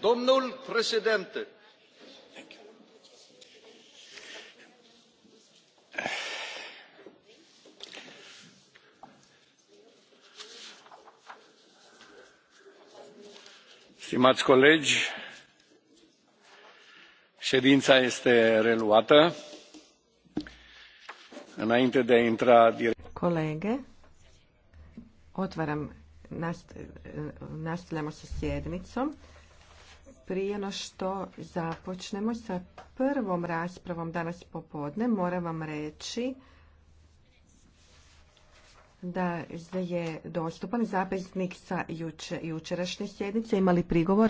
domnul președinte stimați colegi ședința este reluată. înainte de a intra direct kolege otvaram nastavljamo sa sjednicom prije no što započnemo sa prvom raspravom danas popodne, moram vam reći da je dostupan zapisnik sa jučerašnje sjednice. Imali prigovora?